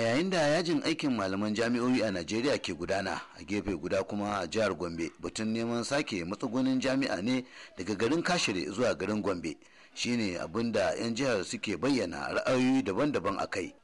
a yayin da yajin aikin malaman jami'o'i a najeriya ke gudana a gefe guda kuma a jihar gombe batun neman sake matsugunin jami'a ne daga garin kashire zuwa garin gombe shine abin da 'yan jihar suke bayyana ra'ayoyi daban-daban a kai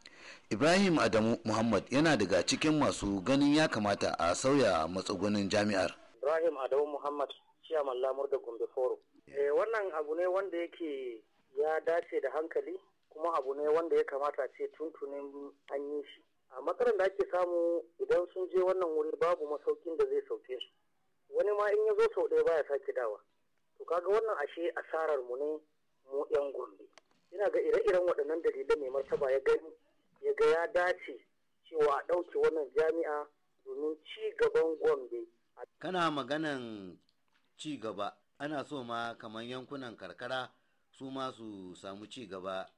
ibrahim adamu muhammad yana daga cikin masu ganin ya kamata a sauya matsugunin jami'ar ibrahim adamu muhammad ciyaman lamur da gombe forum eh, wannan abu ne wanda yake ya dace da hankali kuma abu ne wanda ya kamata ce tuntunin an yi shi a matsalar da ake samu idan sun je wannan wuri babu masaukin da zai sauke su wani ma in ya zo sau ɗaya baya sake dawa to kaga wannan ashe asarar mu ne mu yan gombe ina ga ire-iren waɗannan dalilai mai martaba ya gani ya ga ya dace cewa a ɗauke wannan jami'a domin ci gaban gombe kana maganan ci gaba ana so ma kamar yankunan karkara su ma su samu ci gaba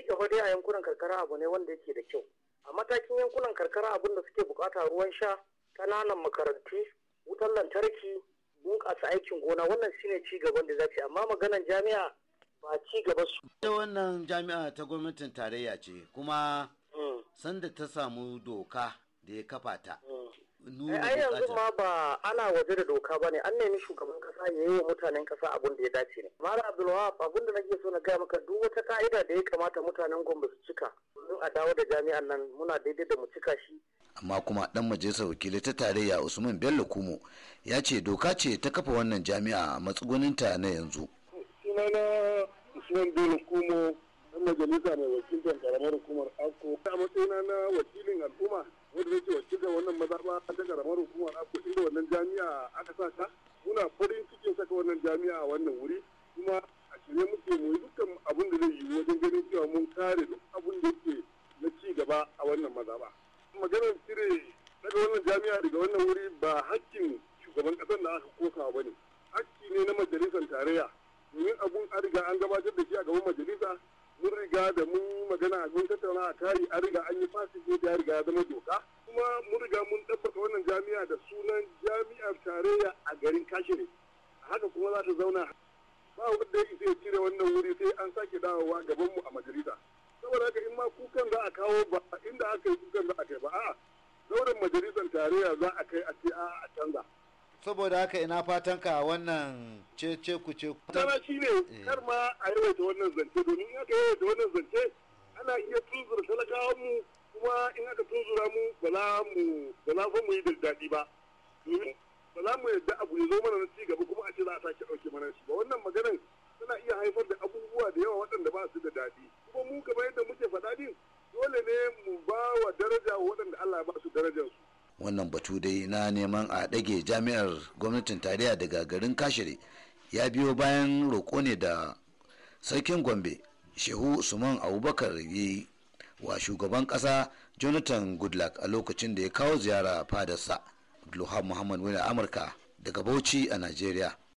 ci dai a yankunan karkara abu ne wanda yake da kyau a matakin yankunan karkara abun da suke bukata ruwan sha kananan makarantu wutan lantarki bunƙasa aikin gona wannan shine ci gaban da zaci amma maganan jami'a ba ci gaba su da wannan jami'a ta gwamnatin tarayya ce kuma hmm. sanda ta samu doka da ya kafa ta hmm. nuna ai yanzu ma ba ana waje da doka ba ne, an nemi shugaban kasa ya yi wa mutanen kasa abin da ya dace ne Mara abdulwahab abin da nake so na gaya maka duk wata ka'ida da ya kamata mutanen gombe su cika mun a dawo da jami'an nan muna daidai da mu cika shi amma kuma dan majalisar wakilai ta tarayya usman bello kumo ya ce doka ce ta kafa wannan jami'a a matsuguninta na yanzu sunana dan majalisa mai wakiltar karamar hukumar ako a matsayina na wakilin al'umma wanda yake wakiltar wannan mazaɓa ta karamar hukumar ako inda wannan jami'a aka sa ta muna farin cikin saka wannan jami'a a wannan wuri kuma a shirye muke mu yi dukkan abin da zai yiwu wajen ganin cewa mun kare duk abin da yake na ci gaba a wannan mazaɓa. maganar cire daga wannan jami'a daga wannan wuri ba hakkin shugaban ƙasar da aka koka ba ne hakki ne na majalisar tarayya domin abun an riga an gabatar da shi a gaban majalisa mun riga da mun yi magana mun tattauna a tari an riga an yi fasin da riga ya zama doka kuma mun riga mun tabbata wannan jami'a da sunan jami'ar tarayya a garin kashire haka kuma za ta zauna ba wanda ya isa cire wannan wuri sai an sake dawowa gaban mu a majalisa saboda haka in ma kukan za a kawo ba inda aka yi kukan za a kai ba a'a zauren majalisar tarayya za a kai a ce a canza saboda haka ina fatan ka wannan cece ku ce tana shi ne eh. kar ma a yi da wannan zance domin in aka yi da wannan zance ana iya tuzura talakawan mu kuma in aka tuzura mu ba za mu ba za mu yi daɗi ba ba za mu yadda abu ya zo mana na ci gaba kuma a ce za a sake ɗauke mana shi ba wannan maganar tana iya haifar da abubuwa da yawa waɗanda ba su da daɗi kuma mu kamar yadda muke faɗa din dole ne mu ba wa daraja waɗanda Allah ya ba su darajarsu wannan batu dai na neman a ɗage jami'ar gwamnatin tarayya daga garin kashiri ya biyo bayan roƙo ne da sarkin gombe shehu usman abubakar ya yi wa shugaban ƙasa jonathan goodluck a lokacin da ya kawo ziyara fadarsa abdulham muhammad wani amurka daga bauchi a nigeria